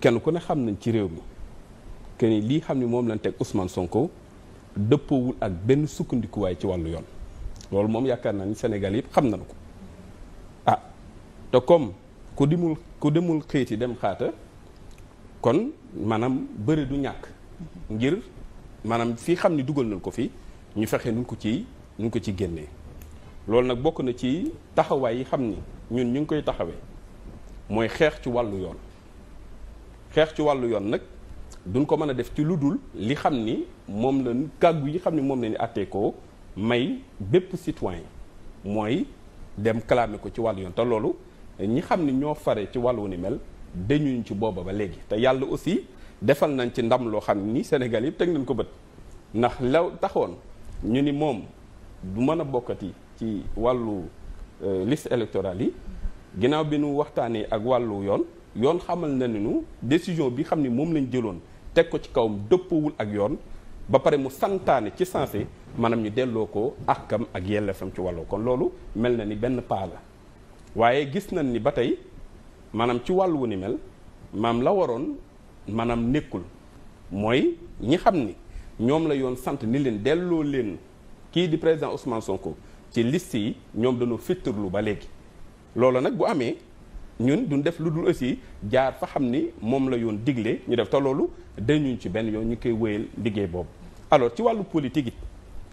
kenn ku ne xam nañ ci réew mi ken ni lii xam ni moom lañ teg Ousmane Sonko dëppoowul ak benn sukkandikuwaay ci wàllu yoon loolu moom yaakaar naa ni Sénégal yëpp xam nañu ko ah te comme ku dimul ku demul xëyti dem xaata kon maanaam bëri du ñàkk ngir maanaam fii xam ni dugal nañ ko fi ñu fexe nuñ ko ci nuñ ko ci génnee loolu nag bokk na ci taxawaay yi xam ni ñun ñu ngi koy taxawee mooy xeex ci wàllu yoon xeex ci wàllu yoon nag duñ ko mën a def ci lu dul li xam ni moom la kàggu yi xam ni moom la ni àttee ko may bépp citoyen mooy dem clamer ko ci wàllu yoon te loolu ñi xam ni ñoo fare ci wàllu ni mel dañuñ ci booba ba léegi te yàlla aussi defal nañ ci ndam loo xam ni Sénégal yëpp teg nañ ko bët ndax la taxoon ñu ni moom du mën a bokkati ci wàllu euh, liste électorale yi ginnaaw bi nu waxtaanee ak wàllu yoon yoon xamal na ni ñu décision bi xam ne moom lañ jëloon teg ko ci kaw dëppoowul ak yoon ba pare mu santaane ci sensé maanaam ñu delloo ko àkkam ak yelleefam ci wàllu kon loolu mel na ni benn paa la waaye gis nañ ni ba tey maanaam ci wàll wu ni mel maam la waroon maanaam nekkul mooy ñi xam ni ñoom la yoon sant ni leen delloo leen kii di président Ousmane Sonko ci liste yi ñoom dañoo fittirlu ba léegi loolu nag bu amee. ñun duñ def lu dul aussi jaar fa xam ni moom la yoon digle ñu def te loolu dañuñ ci benn yoon ñu koy wéyal liggéey boobu alors ci wàllu politique it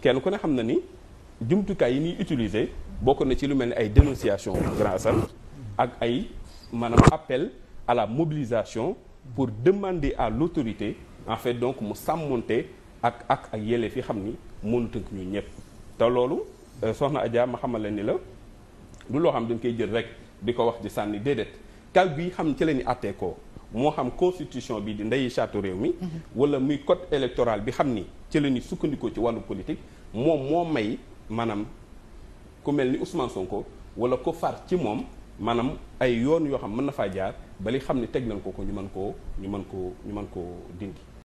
kenn ku ne xam na ni jumtukaay yi ñuy utiliser bokk na ci lu mel ni ay dénonciation grand Assane ak ay maanaam appel à la mobilisation pour demander à l'autorité en fait donc mu sàmmoonte ak ak ak yelleef yi xam ni mënut tënk ñu ñëpp te loolu euh, soxna Adja ma xamal leen ni la du loo xam dañ koy jël rek di ko wax di sànni déedéet kàgg yi xam ci la ñu àttee ko moo xam constitution bi di ndeyi charte réew mi. Mhm. wala muy code électoral bi xam ni ci la sukkandikoo ci wàllu politique moom moo may maanaam ku mel ni Ousmane Sonko wala ko far ci moom maanaam ay yoon yoo xam mën na faa jaar ba xam ne teg nañ ko ko ñu mën koo ñu mën koo ñu mën koo dindi.